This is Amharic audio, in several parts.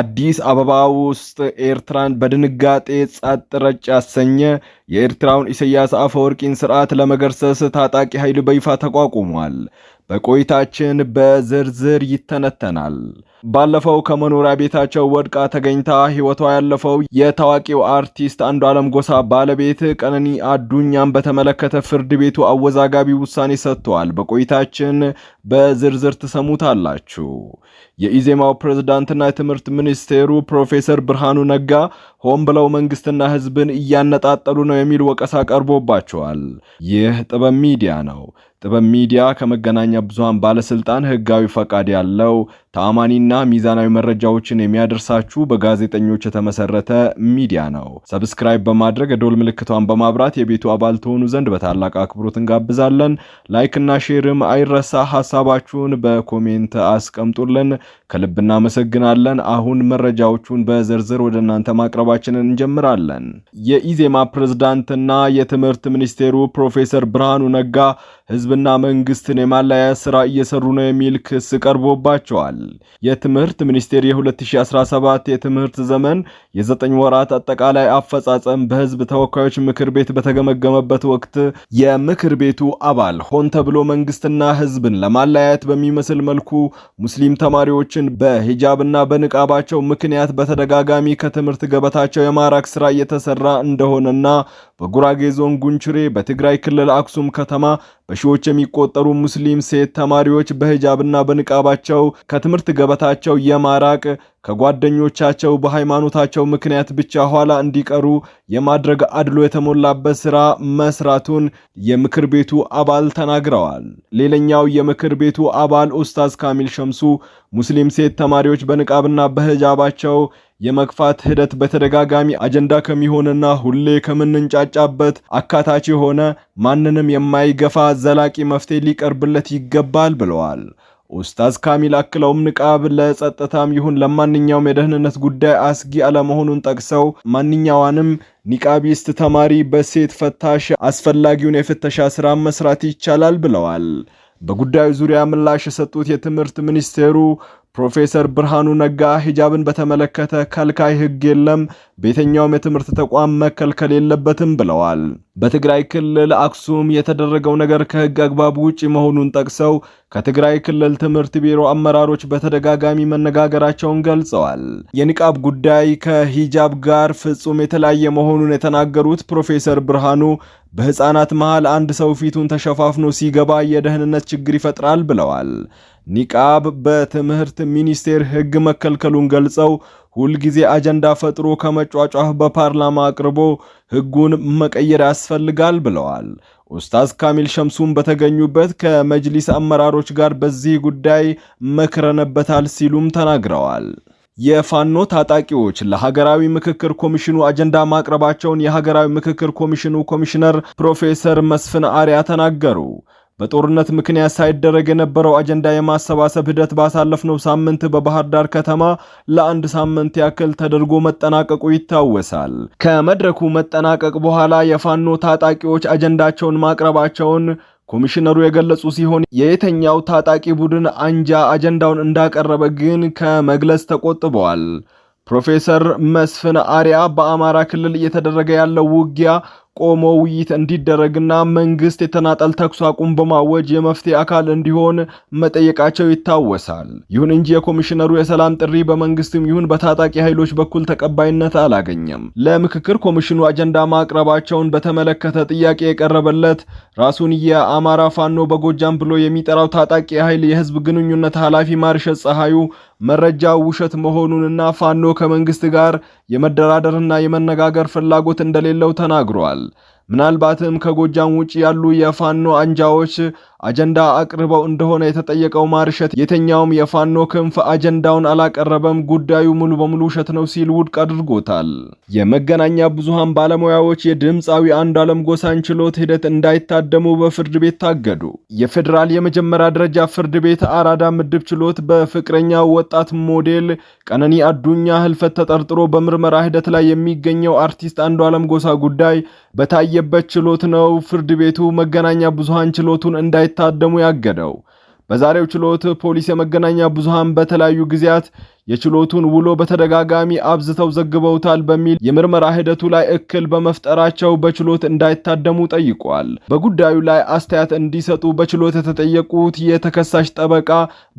አዲስ አበባ ውስጥ ኤርትራን በድንጋጤ ጸጥ ረጭ ያሰኘ የኤርትራውን ኢሳያስ አፈወርቂን ስርዓት ለመገርሰስ ታጣቂ ኃይል በይፋ ተቋቁሟል። በቆይታችን በዝርዝር ይተነተናል። ባለፈው ከመኖሪያ ቤታቸው ወድቃ ተገኝታ ህይወቷ ያለፈው የታዋቂው አርቲስት አለም ጎሳ ባለቤት ቀነኒ አዱኛን በተመለከተ ፍርድ ቤቱ አወዛጋቢ ውሳኔ ሰጥቷል። በቆይታችን በዝርዝር ትሰሙታላችሁ። የኢዜማው ፕሬዝዳንትና የትምህርት ሚኒስቴሩ ፕሮፌሰር ብርሃኑ ነጋ ሆን ብለው መንግስትና ህዝብን እያነጣጠሉ ነው የሚል ወቀሳ ቀርቦባቸዋል። ይህ ጥበብ ሚዲያ ነው። ጥበብ ሚዲያ ከመገናኛ ብዙሃን ባለስልጣን ህጋዊ ፈቃድ ያለው ተአማኒና ሚዛናዊ መረጃዎችን የሚያደርሳችሁ በጋዜጠኞች የተመሰረተ ሚዲያ ነው። ሰብስክራይብ በማድረግ የዶል ምልክቷን በማብራት የቤቱ አባል ትሆኑ ዘንድ በታላቅ አክብሮት እንጋብዛለን። ላይክና ሼርም አይረሳ። ሀሳባችሁን በኮሜንት አስቀምጡልን። ከልብ እናመሰግናለን። አሁን መረጃዎቹን በዝርዝር ወደ እናንተ ማቅረባችንን እንጀምራለን። የኢዜማ ፕሬዝዳንትና የትምህርት ሚኒስቴሩ ፕሮፌሰር ብርሃኑ ነጋ ህዝብና መንግስትን የማለያ ስራ እየሰሩ ነው የሚል ክስ ቀርቦባቸዋል። የትምህርት ሚኒስቴር የ2017 የትምህርት ዘመን የዘጠኝ ወራት አጠቃላይ አፈጻጸም በህዝብ ተወካዮች ምክር ቤት በተገመገመበት ወቅት የምክር ቤቱ አባል ሆን ተብሎ መንግስትና ህዝብን ለማለያየት በሚመስል መልኩ ሙስሊም ተማሪዎችን በሂጃብና በንቃባቸው ምክንያት በተደጋጋሚ ከትምህርት ገበታቸው የማራክ ስራ እየተሰራ እንደሆነና በጉራጌ ዞን ጉንችሬ፣ በትግራይ ክልል አክሱም ከተማ በሺዎች የሚቆጠሩ ሙስሊም ሴት ተማሪዎች በሂጃብና በንቃባቸው ከትምህርት ገበታቸው የማራቅ ከጓደኞቻቸው በሃይማኖታቸው ምክንያት ብቻ ኋላ እንዲቀሩ የማድረግ አድሎ የተሞላበት ስራ መስራቱን የምክር ቤቱ አባል ተናግረዋል። ሌላኛው የምክር ቤቱ አባል ኡስታዝ ካሚል ሸምሱ ሙስሊም ሴት ተማሪዎች በንቃብና በሂጃባቸው የመግፋት ሂደት በተደጋጋሚ አጀንዳ ከሚሆንና ሁሌ ከምንንጫጫበት አካታች የሆነ ማንንም የማይገፋ ዘላቂ መፍትሄ ሊቀርብለት ይገባል ብለዋል። ኡስታዝ ካሚል አክለውም ንቃብ ለጸጥታም ይሁን ለማንኛውም የደህንነት ጉዳይ አስጊ አለመሆኑን ጠቅሰው ማንኛዋንም ኒቃቢስት ተማሪ በሴት ፈታሽ አስፈላጊውን የፍተሻ ስራ መስራት ይቻላል ብለዋል። በጉዳዩ ዙሪያ ምላሽ የሰጡት የትምህርት ሚኒስቴሩ ፕሮፌሰር ብርሃኑ ነጋ ሂጃብን በተመለከተ ከልካይ ህግ የለም፣ በየትኛውም የትምህርት ተቋም መከልከል የለበትም ብለዋል። በትግራይ ክልል አክሱም የተደረገው ነገር ከህግ አግባብ ውጪ መሆኑን ጠቅሰው ከትግራይ ክልል ትምህርት ቢሮ አመራሮች በተደጋጋሚ መነጋገራቸውን ገልጸዋል። የኒቃብ ጉዳይ ከሂጃብ ጋር ፍጹም የተለያየ መሆኑን የተናገሩት ፕሮፌሰር ብርሃኑ በህፃናት መሃል አንድ ሰው ፊቱን ተሸፋፍኖ ሲገባ የደህንነት ችግር ይፈጥራል ብለዋል። ኒቃብ በትምህርት ሚኒስቴር ህግ መከልከሉን ገልጸው ሁልጊዜ አጀንዳ ፈጥሮ ከመጫጫህ በፓርላማ አቅርቦ ህጉን መቀየር ያስፈልጋል ብለዋል። ኡስታዝ ካሚል ሸምሱን በተገኙበት ከመጅሊስ አመራሮች ጋር በዚህ ጉዳይ መክረንበታል ሲሉም ተናግረዋል። የፋኖ ታጣቂዎች ለሀገራዊ ምክክር ኮሚሽኑ አጀንዳ ማቅረባቸውን የሀገራዊ ምክክር ኮሚሽኑ ኮሚሽነር ፕሮፌሰር መስፍን አሪያ ተናገሩ። በጦርነት ምክንያት ሳይደረግ የነበረው አጀንዳ የማሰባሰብ ሂደት ባሳለፍነው ሳምንት በባህር ዳር ከተማ ለአንድ ሳምንት ያክል ተደርጎ መጠናቀቁ ይታወሳል። ከመድረኩ መጠናቀቅ በኋላ የፋኖ ታጣቂዎች አጀንዳቸውን ማቅረባቸውን ኮሚሽነሩ የገለጹ ሲሆን የየትኛው ታጣቂ ቡድን አንጃ አጀንዳውን እንዳቀረበ ግን ከመግለጽ ተቆጥበዋል። ፕሮፌሰር መስፍን አሪያ በአማራ ክልል እየተደረገ ያለው ውጊያ ቆሞ ውይይት እንዲደረግና መንግስት የተናጠል ተኩስ አቁም በማወጅ የመፍትሄ አካል እንዲሆን መጠየቃቸው ይታወሳል። ይሁን እንጂ የኮሚሽነሩ የሰላም ጥሪ በመንግስትም ይሁን በታጣቂ ኃይሎች በኩል ተቀባይነት አላገኘም። ለምክክር ኮሚሽኑ አጀንዳ ማቅረባቸውን በተመለከተ ጥያቄ የቀረበለት ራሱን የአማራ ፋኖ በጎጃም ብሎ የሚጠራው ታጣቂ ኃይል የህዝብ ግንኙነት ኃላፊ ማርሸ ፀሐዩ መረጃ ውሸት መሆኑንና ፋኖ ከመንግስት ጋር የመደራደርና የመነጋገር ፍላጎት እንደሌለው ተናግሯል። ምናልባትም ከጎጃም ውጭ ያሉ የፋኖ አንጃዎች አጀንዳ አቅርበው እንደሆነ የተጠየቀው ማርሸት የተኛውም የፋኖ ክንፍ አጀንዳውን አላቀረበም፣ ጉዳዩ ሙሉ በሙሉ ውሸት ነው ሲል ውድቅ አድርጎታል። የመገናኛ ብዙሃን ባለሙያዎች የድምፃዊ አንዱዓለም ጎሳን ችሎት ሂደት እንዳይታደሙ በፍርድ ቤት ታገዱ። የፌዴራል የመጀመሪያ ደረጃ ፍርድ ቤት አራዳ ምድብ ችሎት በፍቅረኛው ወጣት ሞዴል ቀነኒ አዱኛ ህልፈት ተጠርጥሮ በምርመራ ሂደት ላይ የሚገኘው አርቲስት አንዱዓለም ጎሳ ጉዳይ በታየበት ችሎት ነው። ፍርድ ቤቱ መገናኛ ብዙሃን ችሎቱን እንዳይ እንዳይታደሙ ያገደው። በዛሬው ችሎት ፖሊስ የመገናኛ ብዙሃን በተለያዩ ጊዜያት የችሎቱን ውሎ በተደጋጋሚ አብዝተው ዘግበውታል በሚል የምርመራ ሂደቱ ላይ እክል በመፍጠራቸው በችሎት እንዳይታደሙ ጠይቋል። በጉዳዩ ላይ አስተያየት እንዲሰጡ በችሎት የተጠየቁት የተከሳሽ ጠበቃ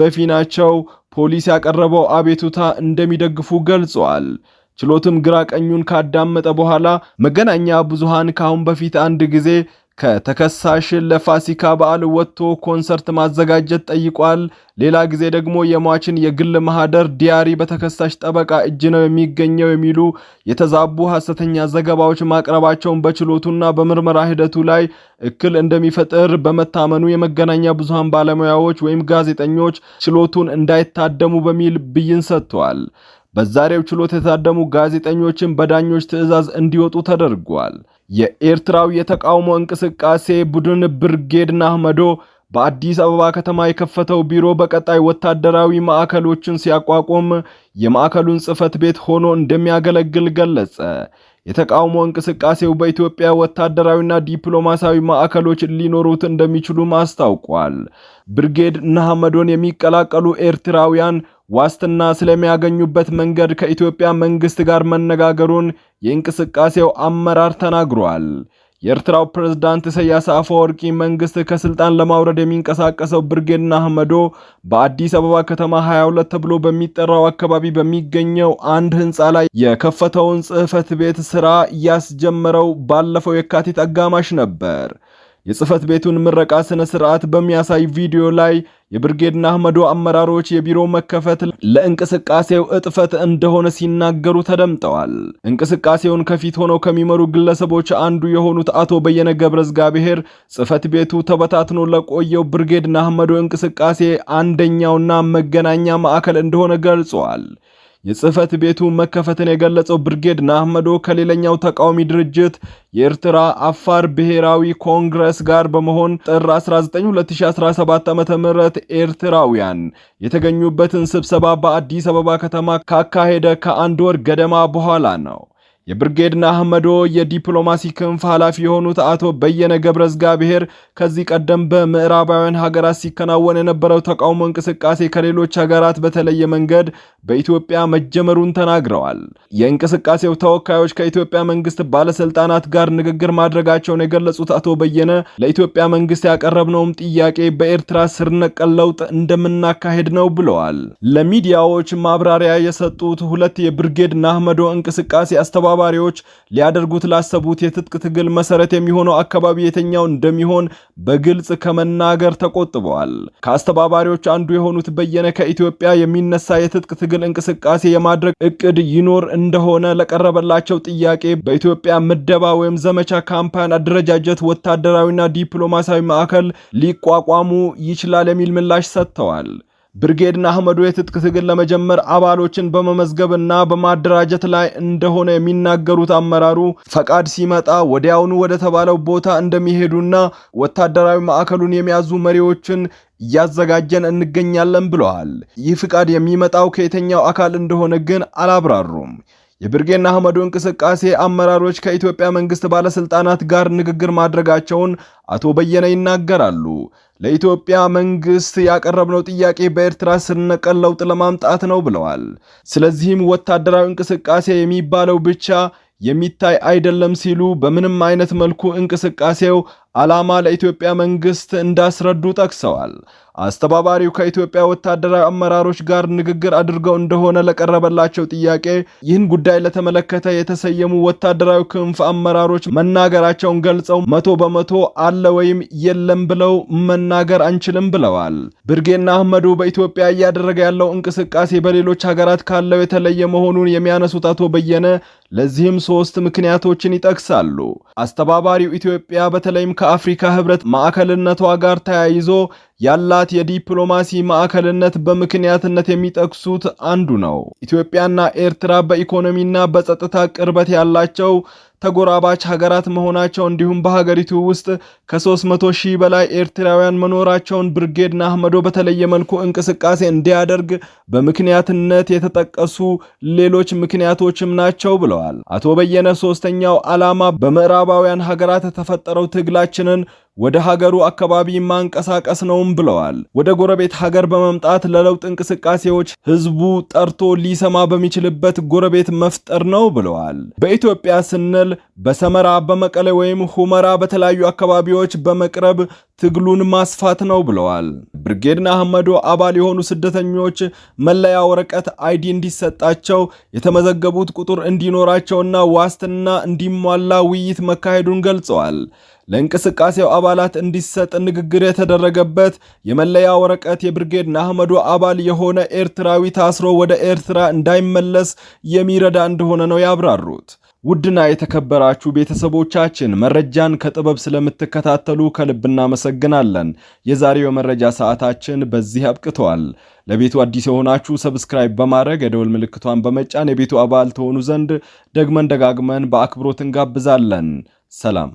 በፊናቸው ፖሊስ ያቀረበው አቤቱታ እንደሚደግፉ ገልጿል። ችሎትም ግራ ቀኙን ካዳመጠ በኋላ መገናኛ ብዙሃን ከአሁን በፊት አንድ ጊዜ ከተከሳሽን ለፋሲካ በዓል ወጥቶ ኮንሰርት ማዘጋጀት ጠይቋል። ሌላ ጊዜ ደግሞ የሟችን የግል ማህደር ዲያሪ በተከሳሽ ጠበቃ እጅ ነው የሚገኘው የሚሉ የተዛቡ ሐሰተኛ ዘገባዎች ማቅረባቸውን በችሎቱና በምርመራ ሂደቱ ላይ እክል እንደሚፈጥር በመታመኑ የመገናኛ ብዙሃን ባለሙያዎች ወይም ጋዜጠኞች ችሎቱን እንዳይታደሙ በሚል ብይን ሰጥቷል። በዛሬው ችሎት የታደሙ ጋዜጠኞችን በዳኞች ትዕዛዝ እንዲወጡ ተደርጓል። የኤርትራው የተቃውሞ እንቅስቃሴ ቡድን ብርጌድ ናህመዶ በአዲስ አበባ ከተማ የከፈተው ቢሮ በቀጣይ ወታደራዊ ማዕከሎችን ሲያቋቁም የማዕከሉን ጽህፈት ቤት ሆኖ እንደሚያገለግል ገለጸ። የተቃውሞ እንቅስቃሴው በኢትዮጵያ ወታደራዊና ዲፕሎማሲያዊ ማዕከሎች ሊኖሩት እንደሚችሉም አስታውቋል። ብርጌድ ንሓመዶን የሚቀላቀሉ ኤርትራውያን ዋስትና ስለሚያገኙበት መንገድ ከኢትዮጵያ መንግሥት ጋር መነጋገሩን የእንቅስቃሴው አመራር ተናግሯል። የኤርትራው ፕሬዝዳንት ኢሳያስ አፈወርቂ መንግስት ከስልጣን ለማውረድ የሚንቀሳቀሰው ብርጌድና አህመዶ በአዲስ አበባ ከተማ 22 ተብሎ በሚጠራው አካባቢ በሚገኘው አንድ ህንፃ ላይ የከፈተውን ጽህፈት ቤት ስራ እያስጀመረው ባለፈው የካቲት አጋማሽ ነበር። የጽህፈት ቤቱን ምረቃ ስነ ስርዓት በሚያሳይ ቪዲዮ ላይ የብርጌድና አህመዶ አመራሮች የቢሮ መከፈት ለእንቅስቃሴው እጥፈት እንደሆነ ሲናገሩ ተደምጠዋል። እንቅስቃሴውን ከፊት ሆነው ከሚመሩ ግለሰቦች አንዱ የሆኑት አቶ በየነ ገብረ እግዚአብሔር ጽህፈት ቤቱ ተበታትኖ ለቆየው ብርጌድና አህመዶ እንቅስቃሴ አንደኛውና መገናኛ ማዕከል እንደሆነ ገልጿል። የጽህፈት ቤቱ መከፈትን የገለጸው ብርጌድ ናህመዶ ከሌላኛው ተቃዋሚ ድርጅት የኤርትራ አፋር ብሔራዊ ኮንግረስ ጋር በመሆን ጥር 19 2017 ም ኤርትራውያን የተገኙበትን ስብሰባ በአዲስ አበባ ከተማ ካካሄደ ከአንድ ወር ገደማ በኋላ ነው። የብርጌድና አህመዶ የዲፕሎማሲ ክንፍ ኃላፊ የሆኑት አቶ በየነ ገብረ እግዚአብሔር ከዚህ ቀደም በምዕራባውያን ሀገራት ሲከናወን የነበረው ተቃውሞ እንቅስቃሴ ከሌሎች ሀገራት በተለየ መንገድ በኢትዮጵያ መጀመሩን ተናግረዋል። የእንቅስቃሴው ተወካዮች ከኢትዮጵያ መንግስት ባለስልጣናት ጋር ንግግር ማድረጋቸውን የገለጹት አቶ በየነ ለኢትዮጵያ መንግስት ያቀረብነውም ጥያቄ በኤርትራ ስርነቀል ለውጥ እንደምናካሄድ ነው ብለዋል። ለሚዲያዎች ማብራሪያ የሰጡት ሁለት የብርጌድና አህመዶ እንቅስቃሴ አስተባ አስተባባሪዎች ሊያደርጉት ላሰቡት የትጥቅ ትግል መሰረት የሚሆነው አካባቢ የተኛው እንደሚሆን በግልጽ ከመናገር ተቆጥበዋል። ከአስተባባሪዎች አንዱ የሆኑት በየነ ከኢትዮጵያ የሚነሳ የትጥቅ ትግል እንቅስቃሴ የማድረግ እቅድ ይኖር እንደሆነ ለቀረበላቸው ጥያቄ በኢትዮጵያ ምደባ ወይም ዘመቻ ካምፓን አደረጃጀት ወታደራዊና ዲፕሎማሲያዊ ማዕከል ሊቋቋሙ ይችላል የሚል ምላሽ ሰጥተዋል። ብርጌድና አህመዱ የትጥቅ ትግል ለመጀመር አባሎችን በመመዝገብና በማደራጀት ላይ እንደሆነ የሚናገሩት አመራሩ ፈቃድ ሲመጣ ወዲያውኑ ወደ ተባለው ቦታ እንደሚሄዱና ወታደራዊ ማዕከሉን የሚያዙ መሪዎችን እያዘጋጀን እንገኛለን ብለዋል። ይህ ፍቃድ የሚመጣው ከየተኛው አካል እንደሆነ ግን አላብራሩም። የብርጌና አህመዱ እንቅስቃሴ አመራሮች ከኢትዮጵያ መንግስት ባለስልጣናት ጋር ንግግር ማድረጋቸውን አቶ በየነ ይናገራሉ። ለኢትዮጵያ መንግስት ያቀረብነው ጥያቄ በኤርትራ ስር ለውጥ ለማምጣት ነው ብለዋል። ስለዚህም ወታደራዊ እንቅስቃሴ የሚባለው ብቻ የሚታይ አይደለም ሲሉ በምንም አይነት መልኩ እንቅስቃሴው ዓላማ ለኢትዮጵያ መንግስት እንዳስረዱ ጠቅሰዋል። አስተባባሪው ከኢትዮጵያ ወታደራዊ አመራሮች ጋር ንግግር አድርገው እንደሆነ ለቀረበላቸው ጥያቄ ይህን ጉዳይ ለተመለከተ የተሰየሙ ወታደራዊ ክንፍ አመራሮች መናገራቸውን ገልጸው መቶ በመቶ አለ ወይም የለም ብለው መናገር አንችልም ብለዋል። ብርጌና አህመዱ በኢትዮጵያ እያደረገ ያለው እንቅስቃሴ በሌሎች ሀገራት ካለው የተለየ መሆኑን የሚያነሱት አቶ በየነ ለዚህም ሶስት ምክንያቶችን ይጠቅሳሉ። አስተባባሪው ኢትዮጵያ በተለይም ከ ከአፍሪካ ህብረት ማዕከልነቷ ጋር ተያይዞ ያላት የዲፕሎማሲ ማዕከልነት በምክንያትነት የሚጠቅሱት አንዱ ነው። ኢትዮጵያና ኤርትራ በኢኮኖሚና በጸጥታ ቅርበት ያላቸው ተጎራባች ሀገራት መሆናቸው እንዲሁም በሀገሪቱ ውስጥ ከ300 ሺህ በላይ ኤርትራውያን መኖራቸውን ብርጌድ ንሓመዶ በተለየ መልኩ እንቅስቃሴ እንዲያደርግ በምክንያትነት የተጠቀሱ ሌሎች ምክንያቶችም ናቸው ብለዋል። አቶ በየነ ሶስተኛው ዓላማ በምዕራባውያን ሀገራት የተፈጠረው ትግላችንን ወደ ሀገሩ አካባቢ ማንቀሳቀስ ነውም ብለዋል። ወደ ጎረቤት ሀገር በመምጣት ለለውጥ እንቅስቃሴዎች ህዝቡ ጠርቶ ሊሰማ በሚችልበት ጎረቤት መፍጠር ነው ብለዋል። በኢትዮጵያ ስንል በሰመራ፣ በመቀሌ ወይም ሁመራ በተለያዩ አካባቢዎች በመቅረብ ትግሉን ማስፋት ነው ብለዋል። ብርጌድ አህመዶ አባል የሆኑ ስደተኞች መለያ ወረቀት አይዲ እንዲሰጣቸው የተመዘገቡት ቁጥር እንዲኖራቸውና ዋስትና እንዲሟላ ውይይት መካሄዱን ገልጸዋል። ለእንቅስቃሴው አባላት እንዲሰጥ ንግግር የተደረገበት የመለያ ወረቀት የብርጌድ ናህመዶ አባል የሆነ ኤርትራዊ ታስሮ ወደ ኤርትራ እንዳይመለስ የሚረዳ እንደሆነ ነው ያብራሩት። ውድና የተከበራችሁ ቤተሰቦቻችን መረጃን ከጥበብ ስለምትከታተሉ ከልብ እናመሰግናለን። የዛሬው የመረጃ ሰዓታችን በዚህ አብቅተዋል። ለቤቱ አዲስ የሆናችሁ ሰብስክራይብ በማድረግ የደወል ምልክቷን በመጫን የቤቱ አባል ትሆኑ ዘንድ ደግመን ደጋግመን በአክብሮት እንጋብዛለን። ሰላም